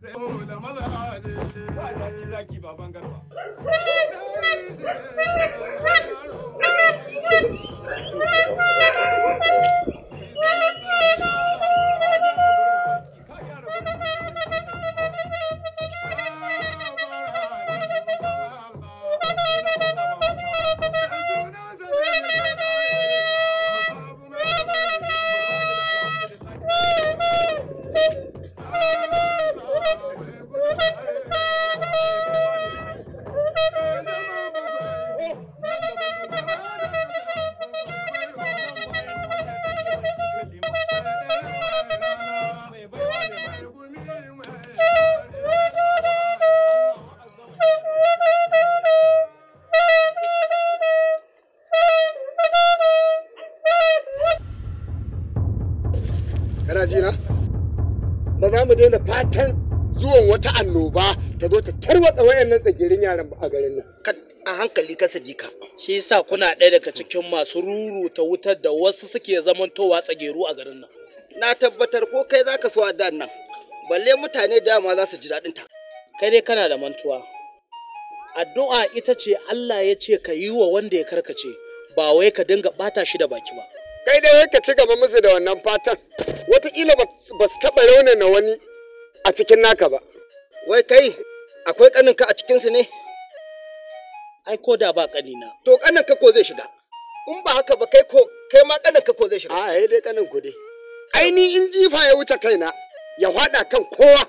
da ka ba daɗi zaki baban garba Thank kana ji na ba za mu daina fatan zuwan wata annoba ta zo ta tarwatsa wayannan tsagirin yaran a garin nan a hankali kasa jika shi yasa kuna ɗaya daga cikin masu ruru ta wutar da wasu suke zamantowa tsageru a garin nan na tabbatar ko kai zaka so a dan nan balle mutane da dama za su ji daɗin ta kai dai kana da mantuwa addu'a ita ce Allah ya ce ka yi wa wanda ya karkace ba wai ka dinga bata shi da baki ba kai dai ka ci gaba musu da wannan fatan wataƙila ba su taɓa raunana wani a cikin naka ba wai kai akwai ƙaninka a cikinsu ne ai ko da ba ƙanina to ƙaninka ko zai shiga in ba haka ba kai ko kai ma ƙaninka ko zai shiga a dai ƙanin ku dai ai ni in jifa ya wuce kaina ya haɗa kan kowa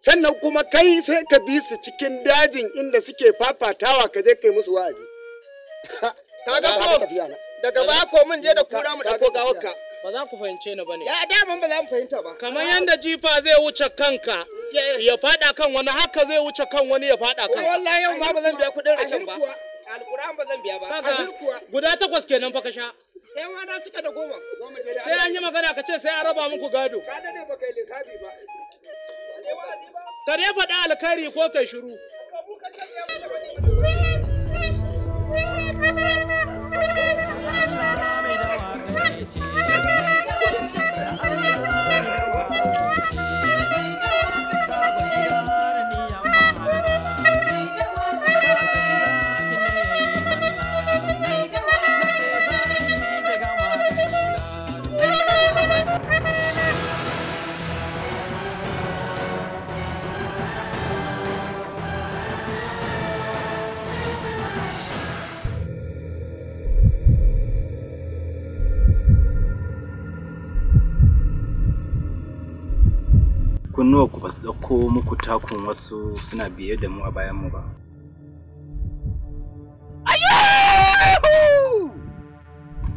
sannan kuma kai sai ka bi su cikin dajin inda suke fafatawa ka je kai musu wa'azi ko daga ba ko mun je da kura mu dauko wakka ba za ku fahimce ni bane ya daman ba za mu fahimta ba kamar yanda jifa zai wuce kanka ya fada kan wani haka zai wuce kan wani ya fada kan. wallahi yau ma ba zan biya kudin rashin ba alquran ba zan biya ba guda takwas kenan fa ka sha yan wana suka da goma sai an yi magana ka ce sai an raba muku gado ka dade ba kai lissafi ba Kare dai faɗa alkhairi ko kai shiru ka buka kan yawa da wani Ko muku takun wasu suna biye da mu a bayan mu ba. Ayyahu!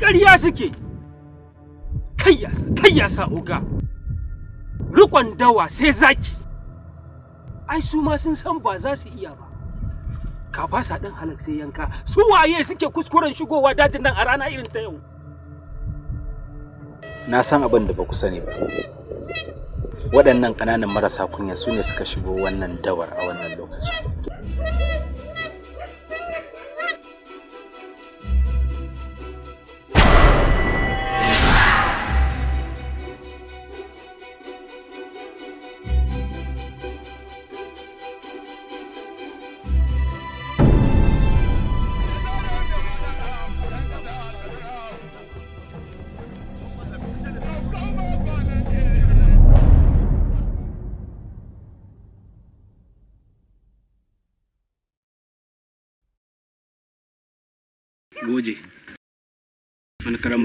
Ƙarya suke! Kayyasa, kayyasa oga! Rikon dawa sai zaki! Ai su ma sun san ba za su iya ba. Ka sa ɗan halak sai yanka, su waye suke kuskuren shigowa dajin nan a rana irin ta yau. Na san abin da ba ku sani ba. waɗannan ƙananan marasa kunya su ne suka shigo wannan dawar a wannan lokacin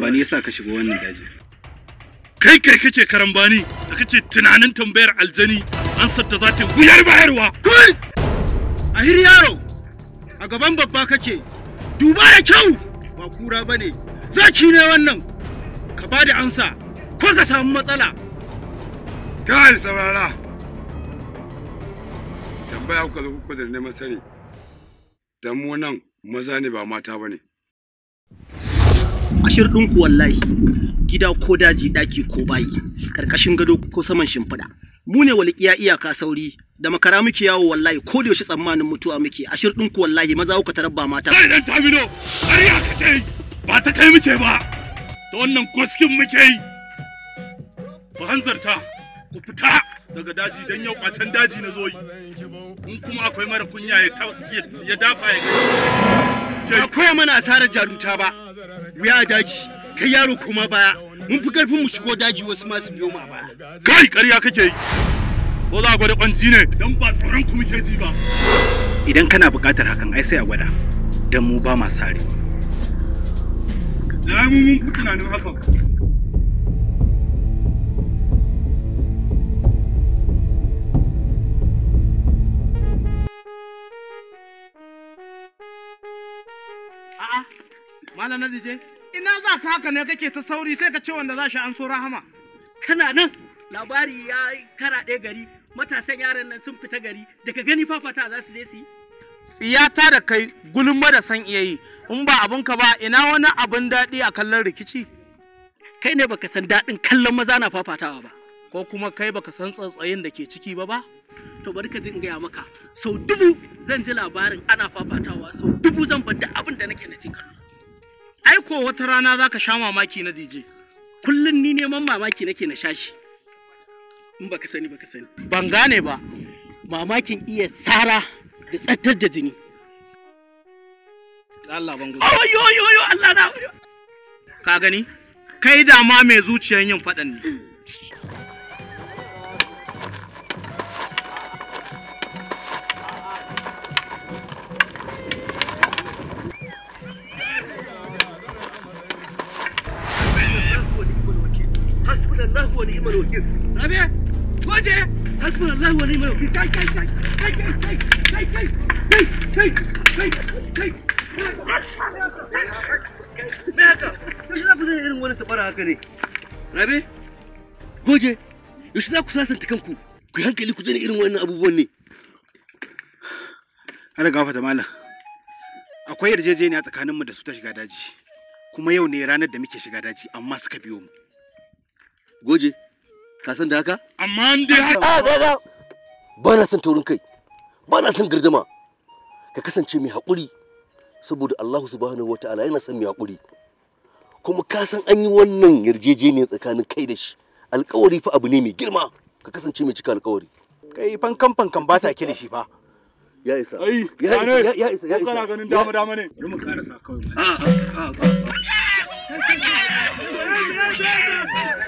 karambani yasa ka shiga wannan daji kai kai kake karambani da ce tunanin tambayar aljani an ta za ta wuyar bayarwa kai ahir yaro a gaban babba kake duba da kyau ba kura bane zaki ne wannan ka ba da ansa ko ka samu matsala kai saurara tambaya kuka zo kuka da neman sani dan mu nan maza ne ba mata bane ashir dinku wallahi gida ko daji daki ko bayi karkashin gado ko saman shimfiɗa mu ne walƙiya iyaka sauri da makara muke yawo wallahi ko da yaushe tsammanin mutuwa muke ashir ɗinku wallahi maza ku tarabba mata kai dan samino ƙarya ka ce ba ta kai muke ba ta wannan koskin muke yi ku hanzarta ku fita daga daji don yau ƙwacen daji na zo in kuma akwai mara kunya ya dafa ya Ba mana asarar jarumta ba, wuya daji, kai yaro kuma baya, mun fi karfin mu shigo daji wasu masu biyo ma baya. Kai ƙarya kake yi, ko za a gwada kwanci ne? Dan ba tsoron ku muke ji ba. Idan kana buƙatar hakan ai sai a gwada, don mu ba ma sarewa. Na mun fi tunanin hakan. na dije ina za ka haka ne kake ta sauri sai ka ce wanda za shi an so rahama. Kana nan labari ya karaɗe gari matasan yaran nan sun fita gari daga gani fafata za su je su yi. Tsiyata da kai gulma da san iya yi in ba abinka ba ina wani abin daɗi a kallon rikici. Kai ne baka san daɗin kallon maza na fafatawa ba. Ko kuma kai baka san tsatsayin da ke ciki ba ba? to bari ka jin gaya maka sau dubu zan ji labarin ana fafatawa sau dubu zan bar da abin da nake na ce kallo ai ko wata rana za ka sha mamaki na DJ kullum ni neman mamaki nake na shashi in baka sani baka sani ban gane ba mamakin iya tsara da tsattar da jini Allah ban gudu ayo ayo, ayo, Allah na ka gani kai da ma mai zuciyan yin faɗan ne hasbunallahu wa ni'mal wakil rabi wa ni'mal wakil kai kai kai kai kai kai kai kai kai kai kai me haka yaushe za ku zai irin wani tabara haka kanku ku yi hankali ku zai irin wannan abubuwan ne ana yarjejeniya tsakaninmu da su ta shiga daji kuma yau ne ranar da muke shiga daji amma suka biyo mu Goje, ka san da haka? Amma an dai haka. Ba na son taurin kai, ba na son gardama. Ka kasance mai haƙuri, saboda Allah subhanahu wa ta'ala yana son mai haƙuri. Kuma ka san an yi wannan yarjejeniya tsakanin kai da shi. Alƙawari fa abu ne mai girma, ka kasance mai cika alƙawari. Kai fankan kan ba ta ke da shi fa. Ya isa. Ai, ya isa, ya isa, ya isa. ganin dama dama ne. mu karasa kawai. A a a.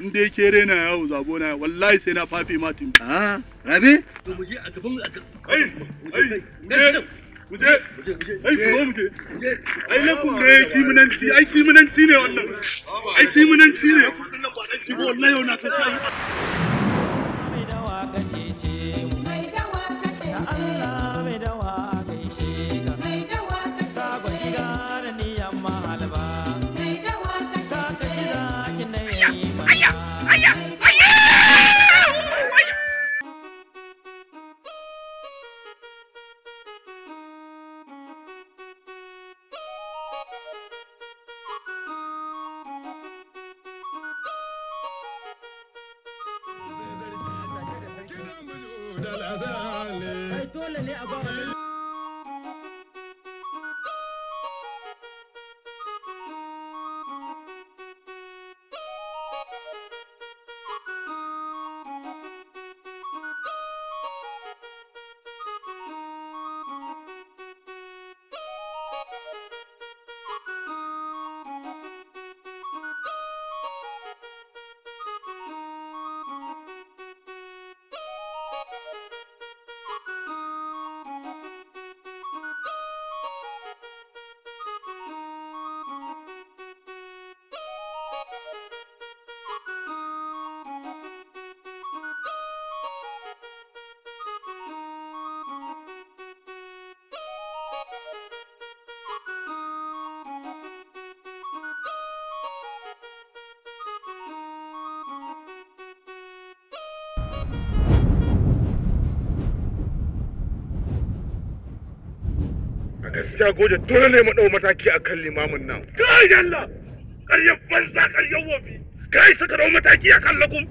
in dai ke rena yawo zabo na wallahi sai na fafi ma tim a ah, rabe to mu je a gaban a ai ai je ai ko mu je ai na kun ne kiminanci ai ne wannan ai ne ba dan wallahi yau na ka sai ta goje dole ne mu dau mataki akan limamin nan kai yalla ƙaryar banza ƙaryar wofi kai suka dau mataki akan lakum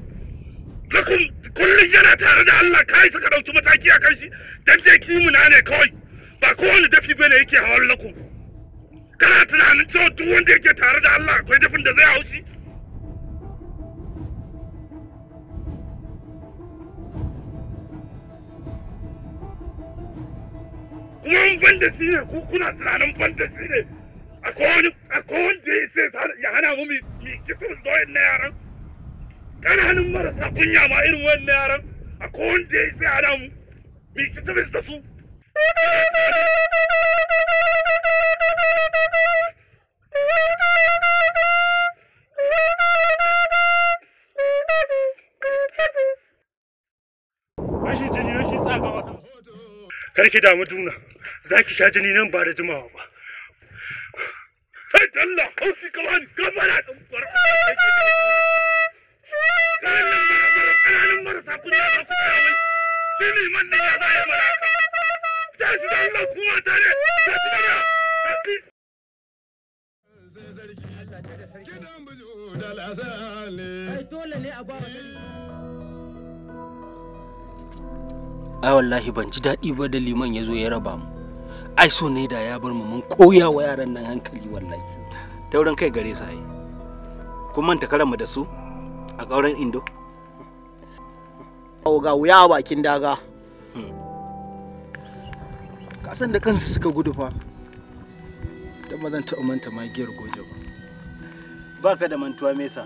lakum kullum yana tare da Allah kai suka dauki mataki akan shi dan dai kimuna ne kawai ba kowane dafi bane yake hawan lakum kana tunanin cewa duk wanda yake tare da Allah akwai dafin da zai haushi fantasy ne ku kuna tunanin fantasy ne akwai da ya sai ya hana mu mi kitin da wayan na yaran ƙananan marasa kunya ma irin wayan na yaran akwai da ya sai hana mu mi kitin da su karki damu duna za ki sha jini nan ba da jimawa ba ai wallahi ban ji daɗi ba da liman ya zo ya raba mu ai so ne da ya bar mu mun koya wa yaran nan hankali wallahi Tauran kai gare su ai kun manta mu da su a ƙauren indo ga wuya a bakin daga hmm. kasan da kansu suka gudu fa da ba zan taɓa manta magiyar goje ba ba ka da mantuwa mesa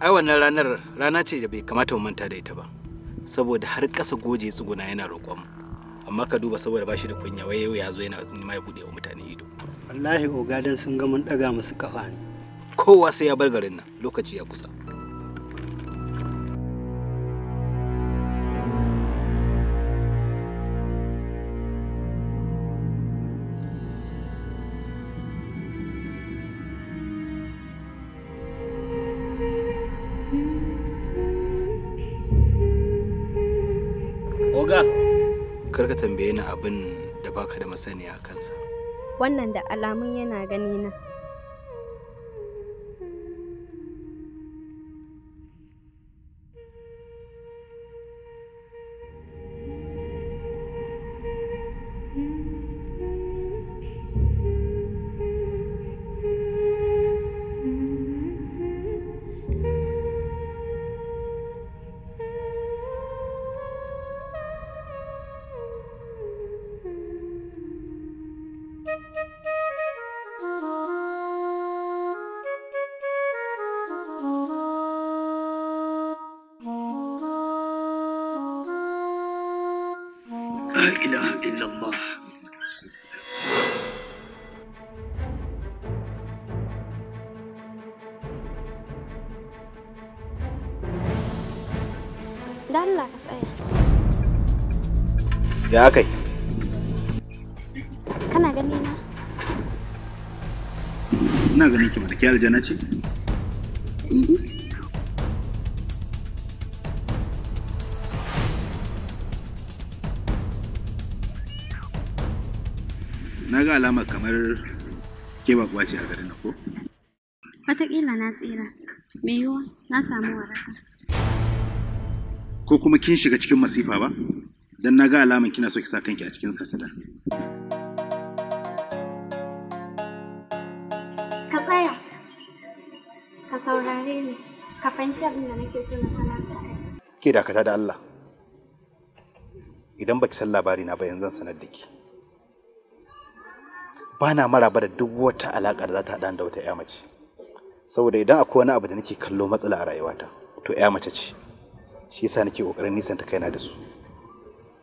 ai wannan ranar rana ce da bai kamata mu manta da ita ba saboda har ƙasa goje tsuguna yana roƙon amma ka duba saboda bashi da kunya wai yau ya zo yana ma ya bude wa mutane ido wallahi ogadan sun ga mun daga musu kafa ne kowa sai ya bar garin nan lokaci ya kusa Oga. Kar ka tambaye ni abin da baka da masaniya a kansa. Wannan da alamun yana gani na. ya kai. yi kana gani na ina ganin ki mana kyar jana ce na ga alama kamar ke ba ce a garin ko wataƙila na tsira mai yiwuwa na samu waraka ko kuma kin shiga cikin masifa ba dan na ga alaman kina so ki sa kanki a cikin kasada ka tsaya ka saurare ni ka fahimci abin da nake so na sanar da kai ke dakata da Allah idan baki san labari na ba yanzu zan sanar da ki ba na maraba da duk wata alaƙa da za ta haɗa da wata ƴa mace saboda idan akwai wani abu da nake kallo matsala a rayuwata to ƴa mace ce shi yasa nake ƙoƙarin ta kaina da su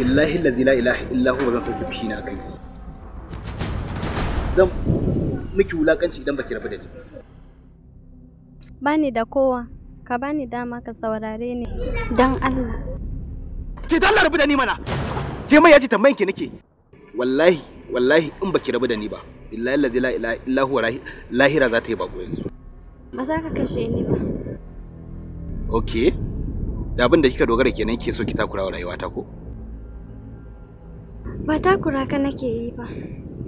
billahi lazi la ilaha illa huwa zan sauke fushi na kai. zan miki wulakanci idan baki rabu da ni bani da kowa ka bani dama ka saurare ni dan Allah ki dalla rabu da ni mana ke mai yaji tambayan ki nake wallahi wallahi in baki rabu da ni ba billahi lazi la ilaha illa huwa lahira za ta yi bako yanzu ba za ka kashe ni ba okay da abin da kika dogara kenan ke so ki takura wa rayuwata ko ba takura ka nake yi ba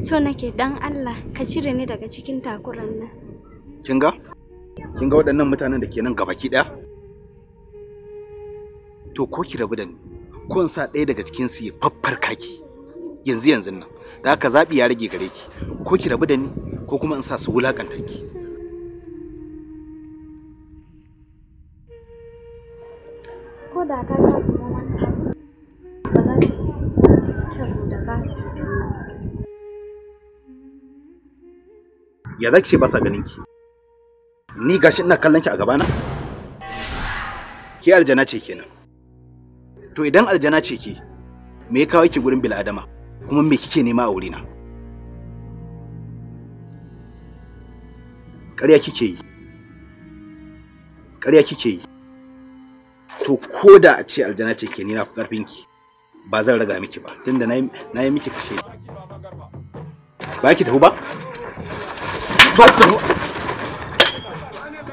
so nake dan Allah ka cire ni daga cikin takuran nan kin ga kin ga waɗannan mutanen da ke nan gabaki ɗaya to ko ki rabu da ni ko in sa ɗaya daga cikin su ya faffarka ki yanzu yanzu nan da haka zaɓi ya rage gare ki ko ki rabu da ni ko kuma in sa su wulakanta ki ko da ka ya zaki ce ba sa ganin ki ni gashi ina kallon ki a gabana ke aljana ce kenan to idan aljana ce ki me ya kawo ki gurin bil'adama kuma me kike nema a wurina ƙarya kike yi ƙarya kike yi to ko da a ce aljana ce ke ni na ƙarfin ki ba zan raga miki ba tunda na yi miki kashe ba ki tafi ba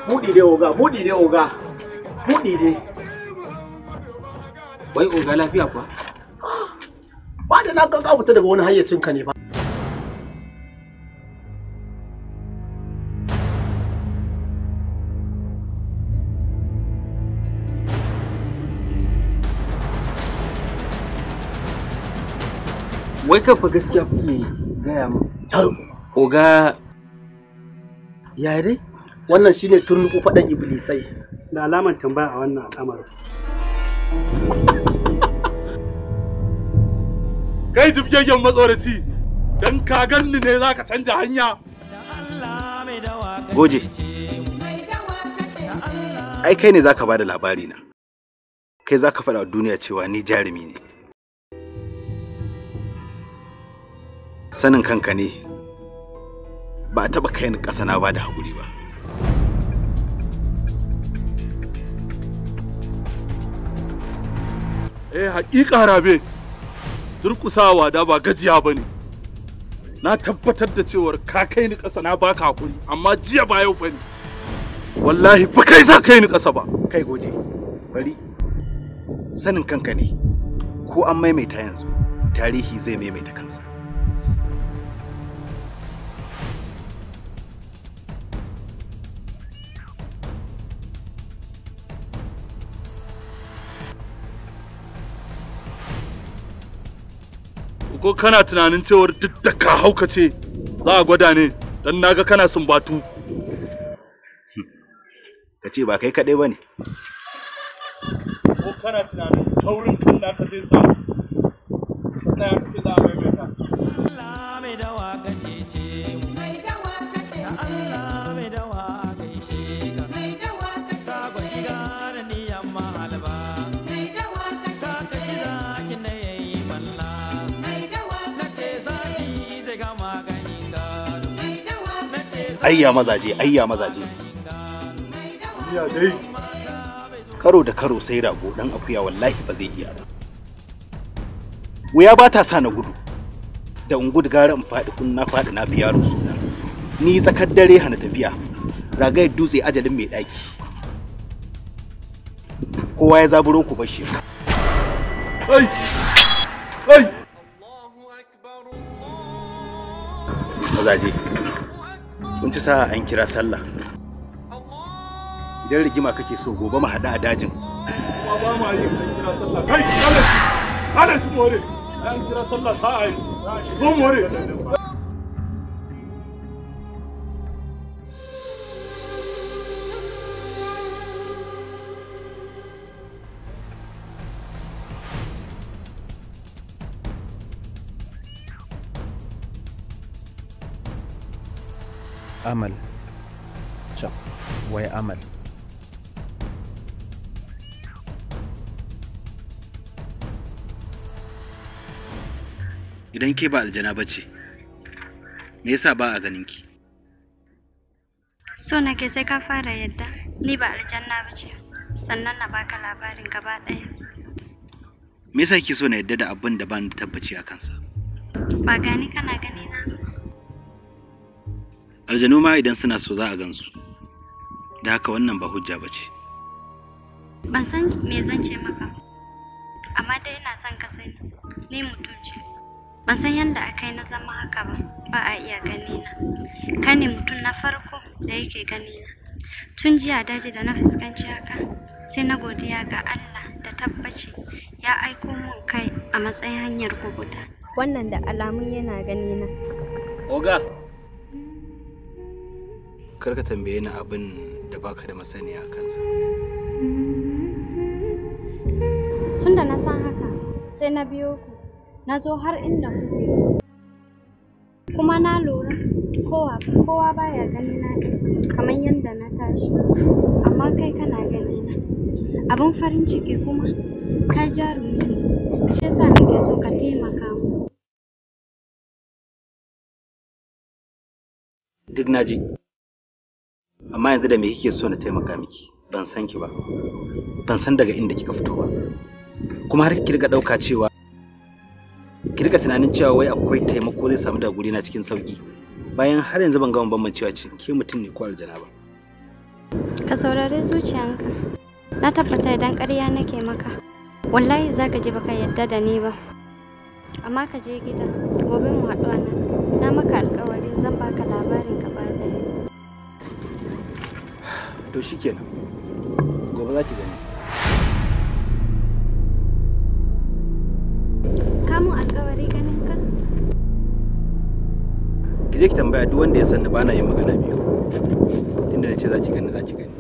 buɗi dai oga buɗi dai oga buɗi dai wai oga lafiya kuwa ba da na kan fita daga wani hayyacin ka ne ba wai kafa gaskiya kuke gaya min oga yare Wannan shine turnuku faɗan iblisai. Da alaman tambaya a wannan al'amarin. Kai jibgegen matsoraci, dan ka ganni ne za ka canja hanya. Goje, ai kai ne za ka bada labari na. Kai za ka faɗa duniya cewa ni jarumi ne. Sanin kanka ne ba a taba kai ni ƙasa na ba da haƙuri ba eh haƙiƙa rabe durƙusawa da ba gajiya ba ne na tabbatar da cewar ka kai ni ƙasa na baka hakuri amma jiya ba yau bane wallahi ba kai za kai ni ƙasa ba kai goje bari sanin kanka ne ko an maimaita yanzu tarihi zai maimaita kansa ko kana tunanin cewar duk da ka haukace za a gwada ne don naga kana sumbatu ka ce ba kai kaɗai ba ne ko kana tunanin taurin kan zai sa kana ce za a maimaita ayya mazaje ayya mazaje karo da karo sai rago dan akuya wallahi ba zai iya ba wuya ba ta sa na gudu da in gudu gara in faɗi kun na faɗi na biya rusu ni tsakar dare hana tafiya ragai dutse ajalin mai ɗaki kowa ya zaburo ku bashi ai ai mazaje kun ci sa'a an kira sallah idan rigima kake so gobe mu haɗu a dajin kuma ba mu yi an kira sallah kai kada shi more an kira sallah sa'a yi zo more amal can wai amal idan ke ba aljana ba ce me yasa ba a ganin ki so ke sai ka fara yadda ni ba aljanna ba ce sannan na baka labarin gaba ɗaya me yasa ki so na yadda da abin da ban da tabbaci a kansa ba gani kana gani na aljanu ma idan suna so za a gansu da haka wannan ba hujja ba ce ban san me zan ce maka amma dai ina son ka sani ni mutum ce ban san yadda a kai na zama haka ba ba a iya gani na ka ne mutum na farko da yake gani na tun jiya daji da na fuskanci haka sai na godiya ga Allah da tabbaci ya aiko mun kai a matsayin hanyar guguda wannan da alamun yana gani na oga kar ka tambaye ni abin da baka da masaniya a kansa tun da na san haka sai na biyo ku na zo har inda kuke kuma na lura kowa kowa baya gani na kamar yadda na tashi amma kai kana gani na abin farin ciki kuma ka jarumi ne shi yasa nake so ka taimaka mu duk na ji amma yanzu da me kike so na taimaka miki ban san ki ba ban san daga inda kika fito ba kuma har ki riga dauka cewa ki riga tunanin cewa wai akwai taimako zai samu daga gurina cikin sauki bayan har yanzu ban gama bambancewa ce ke mutum ne ko aljana ba ka saurare zuciyanka na tabbata idan ƙarya nake maka wallahi za ka ji baka yadda da ni ba amma ka je gida gobe mu haɗu a nan na maka alƙawarin zan baka labarin ka to shikenan gobe za ki gani kamun alkawari ganin ka ki je ki tambaya duk wanda ya sanna bana yin magana biyu tunda na ce za ki gani za ki gani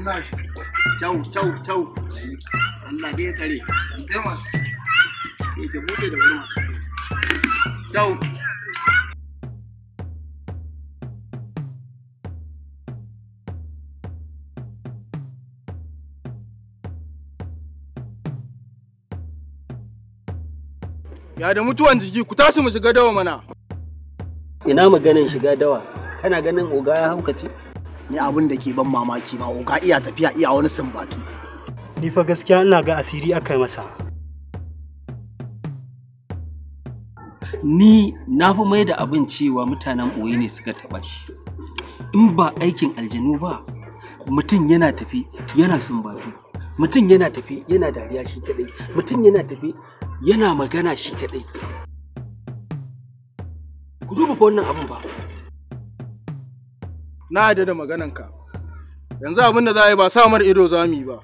Yada ya da mutuwan jiki ku tashi mu shiga dawa mana. Ina maganin shiga dawa, kana ganin oga ya haukace? ni abin da ke ban mamaki ma ga iya tafiya iya wani sumbatu ni fa gaskiya ina ga asiri aka masa ni na fi mai da abin cewa mutanen ɓoye ne suka taɓa shi in ba aikin aljanu ba mutum yana tafi yana sumbatu mutum yana tafi yana dariya shi kadai mutum yana tafi yana magana shi kadai ku duba fa wannan abin ba na yarda da magananka yanzu abin da za a yi ba samar ido za mu yi ba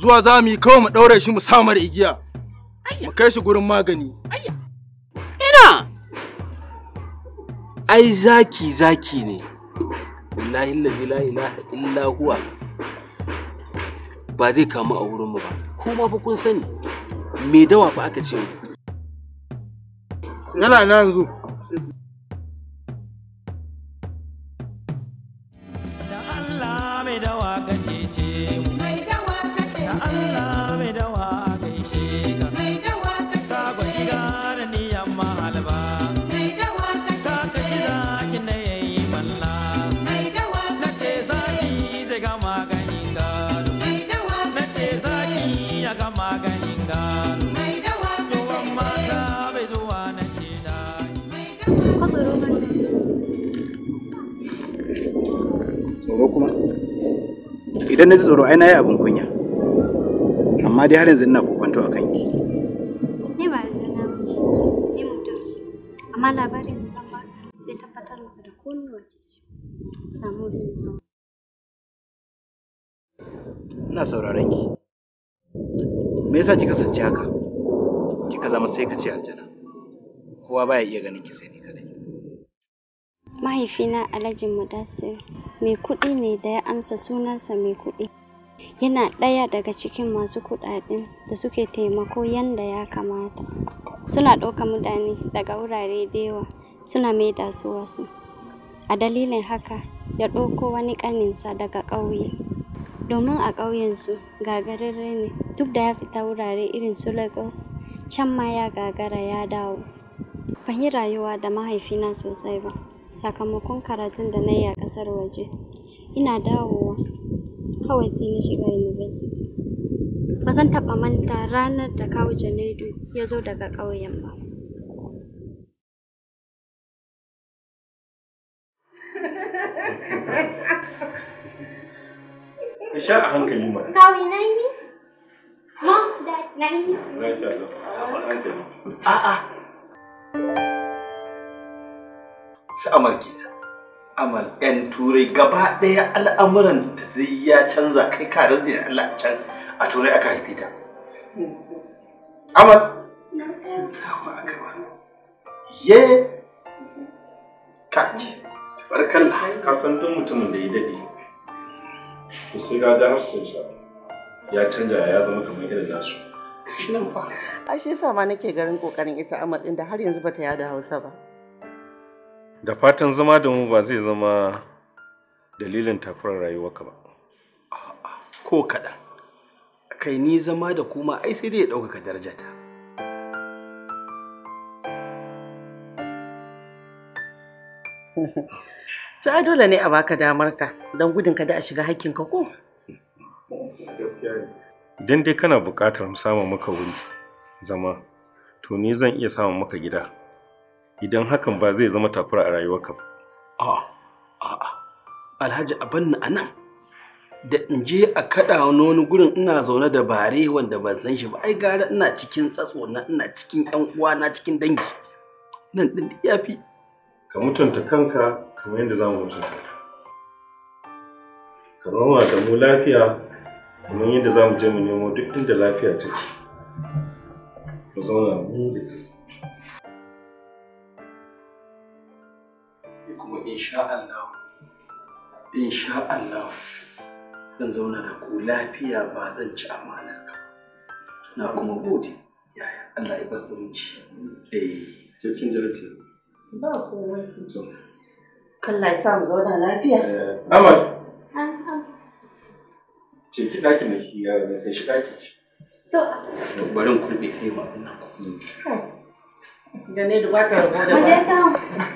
zuwa za mu yi kawai mu ɗaure shi mu samar igiya mu kai shi gurin magani ina ai zaki zaki ne wallahi la ilaha illa huwa ba zai kamu a wurin mu ba kuma fa kun sani me dawa fa aka ce yana nan yanzu tsoro kuma idan na ji tsoro ai na yi abin kunya amma dai har yanzu ina kokonto a kanki ne ba da na ne mutum ce amma labarin da zan ba zai tabbatar maka da komai wace ce samu da ina sauraron ki me yasa kika sace haka kika zama sai ka ce aljana kowa baya iya ganin ki sai ni kadai Mahaifina Alhaji Mudassir mai kuɗi ne da ya amsa sunansa mai kuɗi. Yana ɗaya daga cikin masu kuɗaɗen da suke taimako yanda ya kamata. Suna ɗauka mutane daga wurare da yawa suna maida su wasu. A dalilin haka ya ɗauko wani ƙaninsa daga ƙauye. Domin a ƙauyensu gagararre ne duk da ya fita wurare irin su Lagos can ma ya gagara ya dawo. Ban yi rayuwa da mahaifina sosai ba. sakamakon karatun da na yi a ƙasar waje. Ina dawowa kawai sai na shiga University. Ba zan taɓa manta ranar da kawu janaidu ya zo daga ƙauyen ba. Ka sha a hankali mana. Kawu Junaidu? Mom, Dad, A hankali. A'a. sai amal kenan amal yan turai gaba ɗaya al'amuran ta ya canza kai ka rantsi da Allah a can a turai aka haife ta amal aka ba ye kaki da ka san duk mutumin da ya dade to sai ga da harsun sa ya canja ya zama kamar irin nasu Ashe sama nake garin kokarin ita amal inda da har yanzu bata yada Hausa ba. da fatan zama da mu ba zai zama dalilin takurar rayuwarka ba ko kaɗan kai ni zama da kuma ai sai dai ya ɗaukaka darajata to dole ne a baka damar ka don gudun kada a shiga hakkinka ko idan dai kana buƙatar samun maka wuri zama to ni zan iya samun maka gida idan hakan ba zai zama takura a rayuwarka ba. A'a, a, Alhaji na a nan. Da in je a kaɗa wani gurin ina zaune da bare wanda ban san shi ba, ai gara ina cikin tsatso na ina cikin ƴan uwa na cikin dangi. Nan ɗin ya fi. Ka mutunta kanka kamar yadda za mu mutunta ka. Ka zama da mu lafiya kamar yadda za mu je mu nemo duk inda lafiya take. Ka zauna mu da insha Allah insha Allah zan zauna da ku lafiya ba zan ci amanar ka na kuma gode yaya Allah ya bar zumunci eh to kin da ke ba komai to Allah ya sa mu zauna lafiya eh. amma ce ki ɗakin na shi yaro ne kai shi daki to bari in kai ma ina da ne da ba ta rabu da ba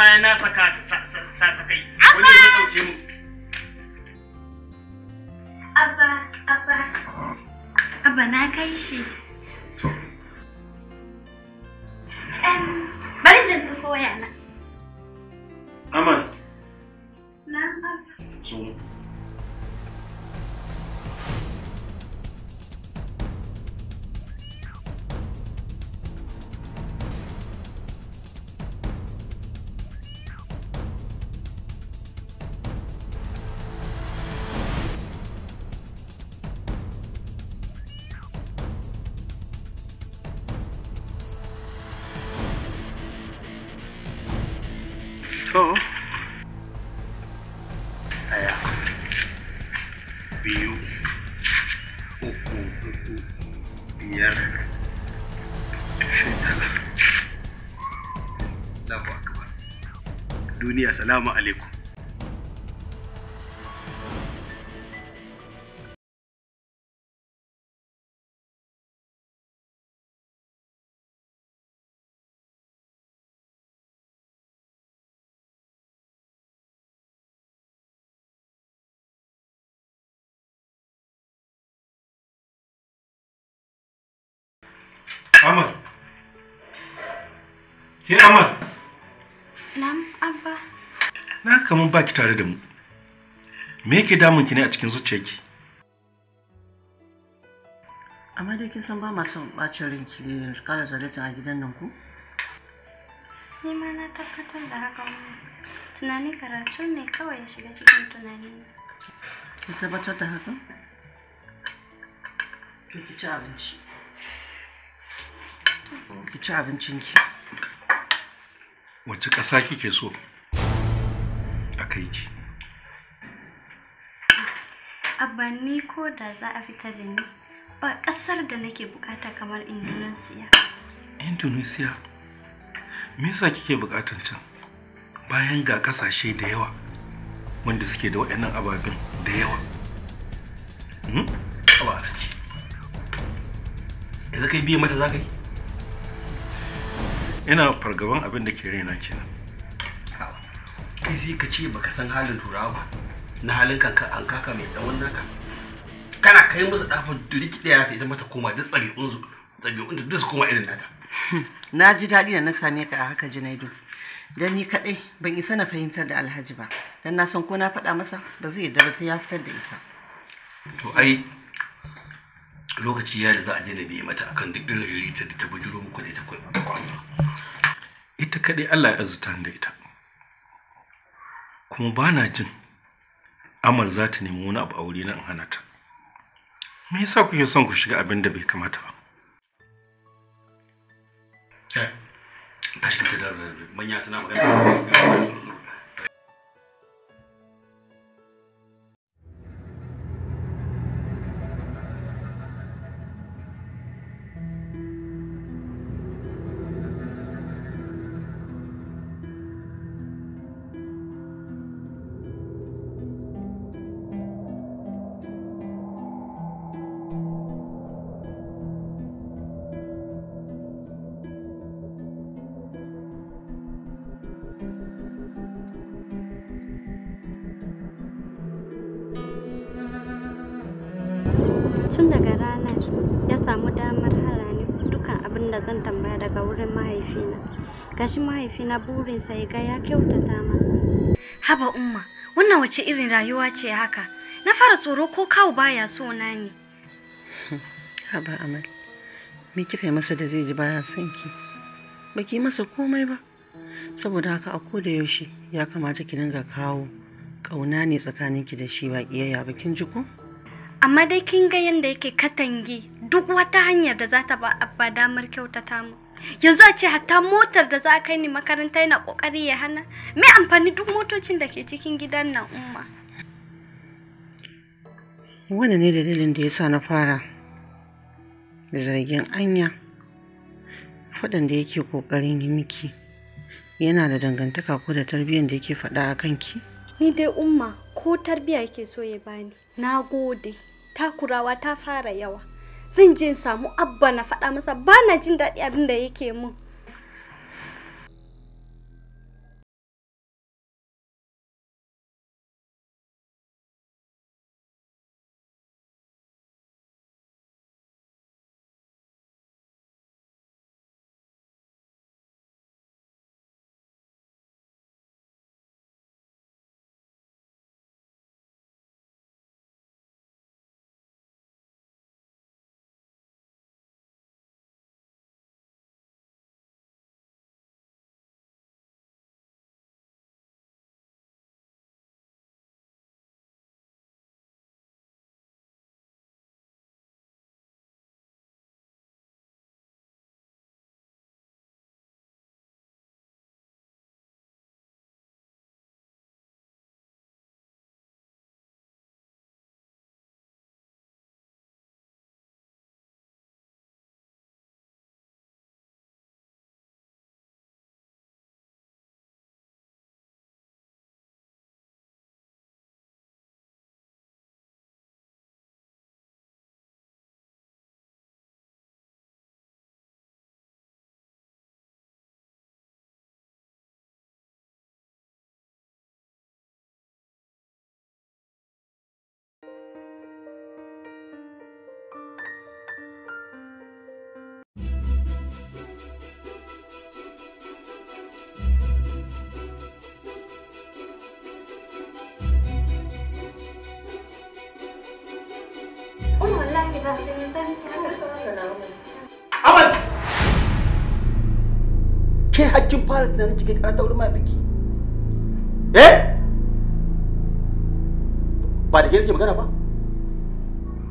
i kind enough, duniya salamu alaikum Ahmad. Sai Ahmad. Na'am, Abba. Na kaman baki tare da mu. Me yake damun ki ne a cikin zuciyarki? Amma dai kin san ba ma son bacin ranki ne yanzu kara zalata a gidan nan ku? Ni ma na tabbatar da haka Tunani karatu ne kawai ya shiga cikin tunani. Ki tabbatar da haka? ki ci abinci. Ki ci abincinki. ki. Wacce ƙasa kike so a kai ki abba ni ko da za a fita da ni ba ƙasar da nake bukata kamar indonesia indonesia me yasa kike bukatan can bayan ga ƙasashe da yawa wanda suke da waɗannan ababen da yawa hmm? yanzu kai biye mata za ka yi ina fargaban abin da ke raina kenan kai sai ka ce baka san halin turawa ba na halin kanka an kaka mai tsawon naka kana kai musu dafin riki daya ta ita mata koma duk tsabi'un su tsabi'un da duk koma irin nata hmm. na ji daɗi da na same ka a haka junaidu dan ni kaɗai ban isa na fahimtar da alhaji ba dan na san ko na faɗa masa ba zai yarda ba sai ya fitar da ita to ai lokaci ya da za a daina biye mata akan duk irin ririta da ta bujuro muku da ita kwai ita kaɗai Allah ya azuta da ita kuma ba na jin amal za ta nemi wani abu a wuri na in hana ta me yasa kuke son ku shiga abin da bai kamata ba tashi ta da manya suna magana na burinsa ya ga ya kyautata masa. Haba umma, wannan wace irin rayuwa ce haka? Na fara tsoro ko kawo baya so na ne. Haba Amal, me kika yi masa da zai ji baya son ki? Baki masa komai ba. Saboda haka a ko da yaushe ya kamata ki dinga kawo ƙauna ne tsakaninki da shi ba ƙiyayya ba kin ji ko? amma dai kin ga yadda yake katangi duk wata hanyar da za ta ba abba damar kyautata mu yanzu a ce hatta motar da za a kai ni makaranta yana kokari ya hana me amfani duk motocin da ke cikin gidan nan umma wani ne dalilin da ya sa na fara da zargin anya waɗanda yake ƙoƙarin yi miki yana da dangantaka ko da tarbiyyar da yake faɗa a kanki ni dai umma ko tarbiyya yake so ya bani na gode takurawa ta fara yawa zan je in samu abba na faɗa masa ba na jin daɗi abin da yake mun hakkin fara tunanin ki karanta karata wurin mafiki eh ba da kike magana ba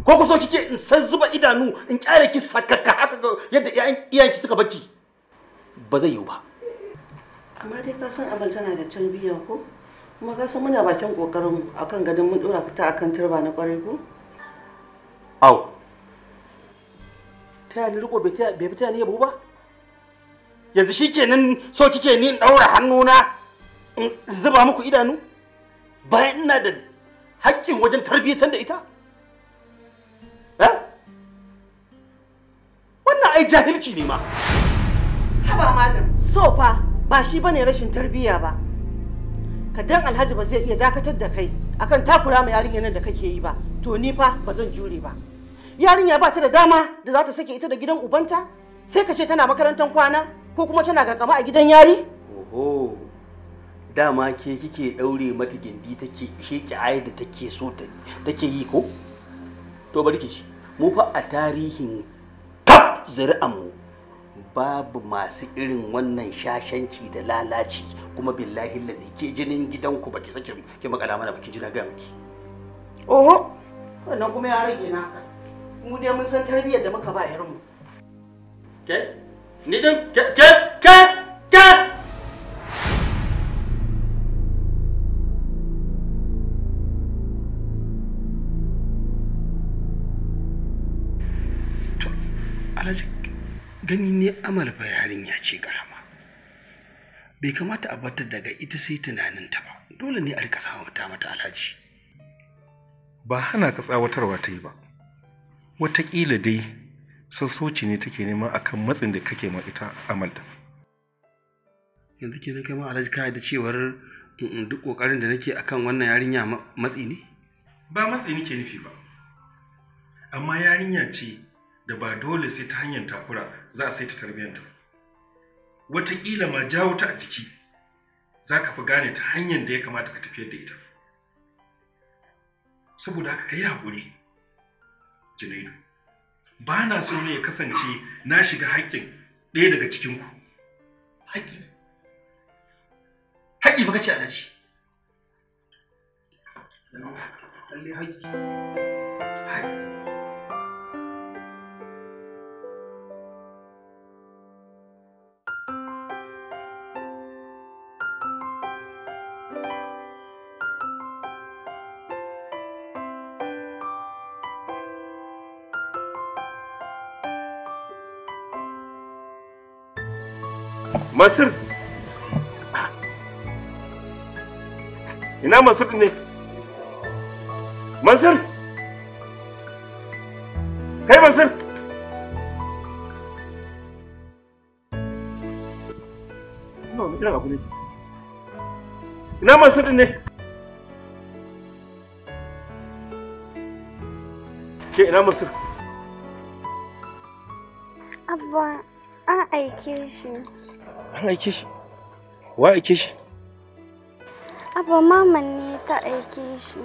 ko ku so kike in san zuba idanu in kyale ki sakaka haka ga yadda iyayen ki suka baki ba zai yiwu ba amma dai ka san amal tana da tarbiyya ko kuma ka san muna bakin kokarin mu akan gadin mun dora ta akan turba na kwarai ko au ta ni riko bai ta bai ta ni yabo ba yanzu shi kenan so kike ni ɗaura hannuna in zuba muku idanu bayan ina da haƙƙin wajen tarbiyyatar da ita wannan ai jahilci ne ma haba malam so fa ba shi bane rashin tarbiyya ba ka dan alhaji ba zai iya dakatar da kai akan takura ma yarinya nan da kake yi ba to ni fa ba zan jure ba yarinya ba ta da dama da za ta sake ita da gidan ubanta sai ka ce tana makarantar kwana ko kuma tana garkama a gidan yari oho dama ke kike daure mata gindi take sheki ki da take so take yi ko to bari ki mu fa a tarihin kaf mu babu masu irin wannan shashanci da lalaci kuma billahi lazi ke jinin gidanku baki sake ki makala mana baki jina ga miki oho wannan kuma ya rage na mu dai mun san tarbiyyar da muka ba irinmu ke Ni din ke Alhaji gani ne amal fa yarinya ce karama. Bai kamata a bata daga ita sai tunaninta ba. Dole ne a rika samun mata alhaji. Ba hana ka tsawatarwa ta yi ba. Wataƙila dai Sassoci ne take nema akan matsin da kake ma ita amal da yanzu ke kai ma alhaji kai da cewar eh, eh, duk kokarin da nake akan wannan yarinya matsi ne ba matsi nake nufi ba amma yarinya ce da ba dole sai ta hanyar takura za a sai ta tarbiyyanta wataƙila ma jawo ta a jiki za ka fi gane ta hanyar da ya kamata ka tafiyar da ita saboda haka ka yi haƙuri janairu. ba na so ne ya kasance na shiga haƙƙin ɗaya daga cikinku haƙƙi haƙƙi baka ce alhaji haƙƙi haƙƙi Masir. Ina Masir ne? Masir? Kai Masir? Ina Masir ne? Ke ina Masir? Abba, an aike shi. An aike shi? Wa aike shi? Abba maman ne ta aike shi.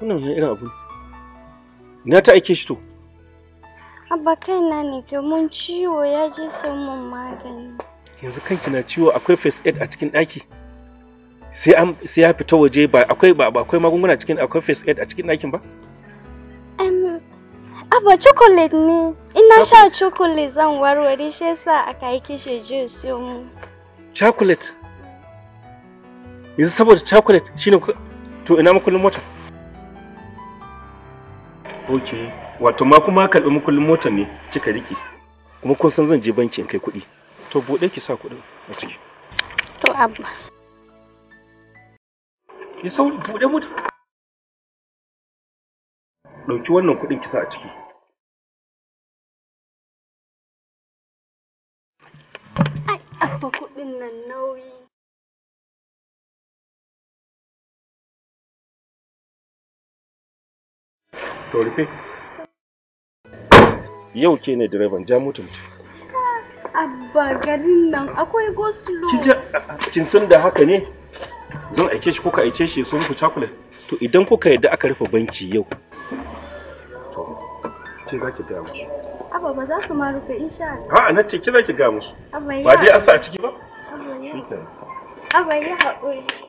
Wannan wani irin abu Ina ta aike shi to? Abba kai na ne ke mun ciwo ya je sai mun magani. Yanzu kanki na ciwo akwai first aid a cikin ɗaki? Sai an sai ya fita waje ba akwai ba akwai magunguna cikin akwai first aid a cikin ɗakin ba? abba chocolate ne. na sha cokuli zan warware shi yasa aka yi kishe je siyo mu. Chocolate? Yanzu saboda chocolate shine to ina makullin mota? Ok, wato ma kuma karɓi makullin mota ne kika riƙe. Kuma kun san zan je banki in kai kuɗi. To buɗe ki sa kuɗin a ciki. To abba. Ki sauri buɗe mota. Ɗauki wannan kuɗin ki sa a ciki. ɗin nan nauyi to rufe yau ke ne direban ja mutuntu abba garin nan akwai goslo kin san da haka ne zan aike shi kuka aike shi so muku chocolate to idan kuka yadda aka rufe banki yau to ce za ki gaya musu abba ba za su ma rufe insha Allah a'a na ce ki za ki gaya musu ba dai an sa a ciki ba Oh, my you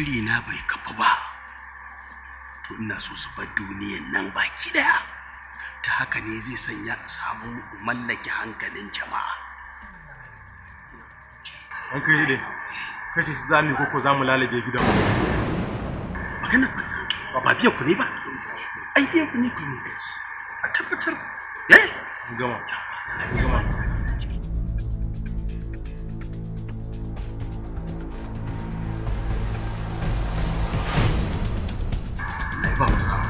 shiri na bai kafa ba to ina so su bar duniyan nan baki daya ta haka ne zai sanya a samu mallake hankalin jama'a an kai ne kashe shi zami koko za mu lalabe gidan mu magana ba sa ba biyan ku ne ba ai biyan ku ne ku ne a tabbatar eh gama gama バーさ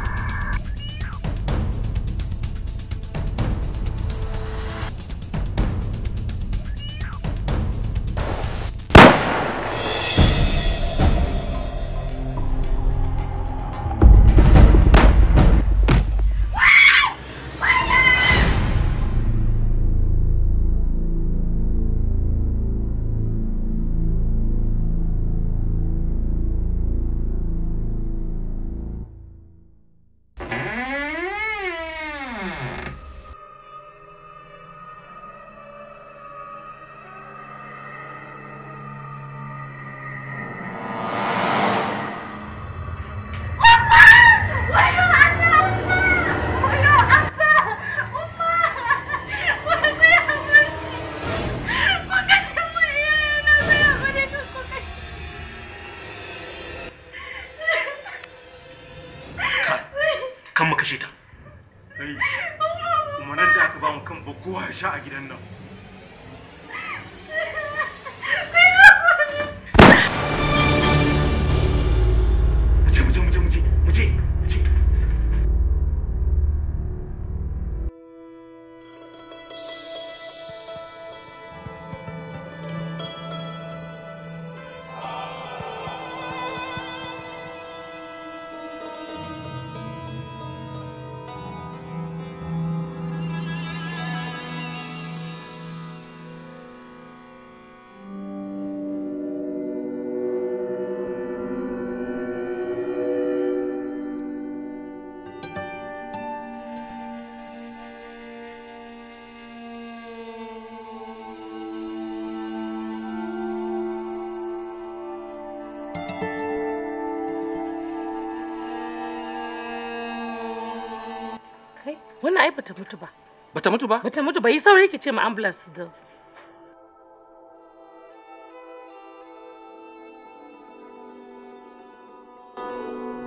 ai bata mutu ba bata mutu ba bata mutu ba yi saurayi ki ce ma ambulance da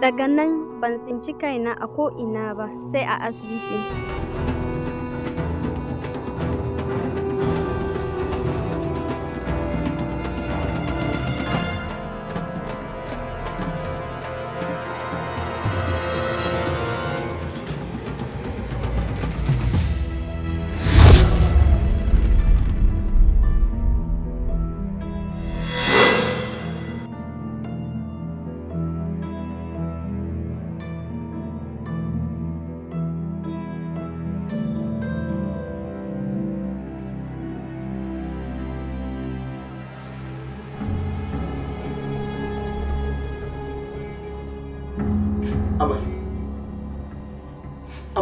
daga nan ban tsinci kaina a ko ina ba sai a asibiti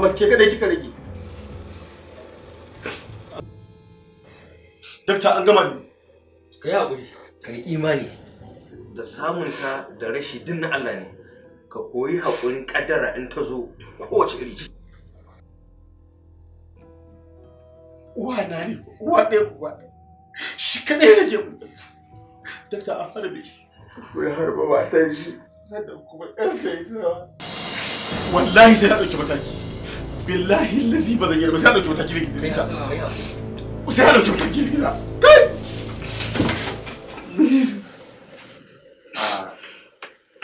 dakta an gama ni ka yi imani da samun ta da rashi din na Allah ne ka koyi haƙurin in ta zo kowace iri ce uwa na ne uwa ɗaya uwa shi kadai ya je mun dakta dakta an shi sai harba ba ta shi sannan ya ta wallahi sai na ɗauki mataki billahi lazi ba zan yi ba sai gida sai gida kai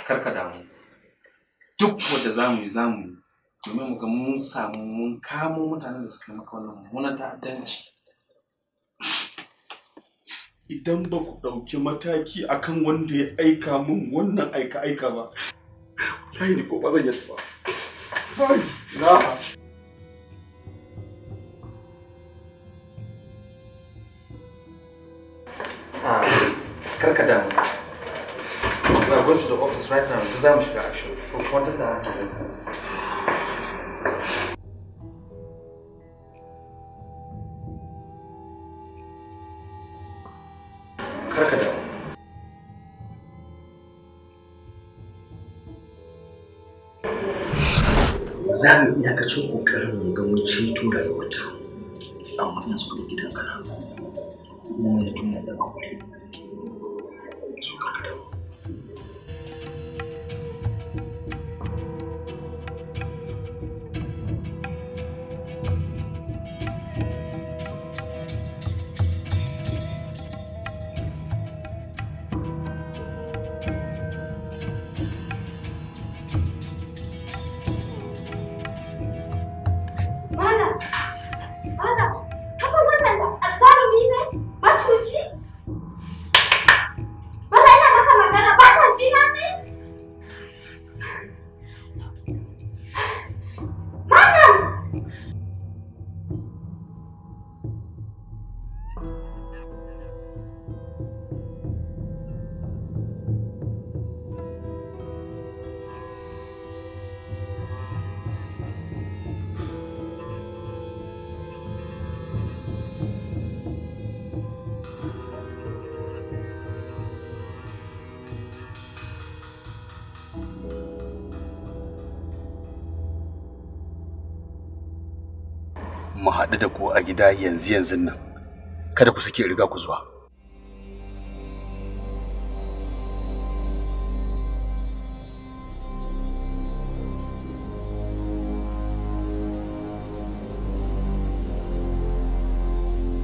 karka damu duk wanda zamu yi zamu yi domin mu ga mun samu mun kamo mutanen da suka yi maka wannan mummunan ta'addanci idan ba ku ɗauki mataki akan wanda ya aika mun wannan aika-aika ba because right now Because za mu shiga action so kuma duk za mu kokarin ga mun ceto wata. amma ina so gidan kana haɗu da ku a gida yanzu yanzu nan kada ku sake riga ku zuwa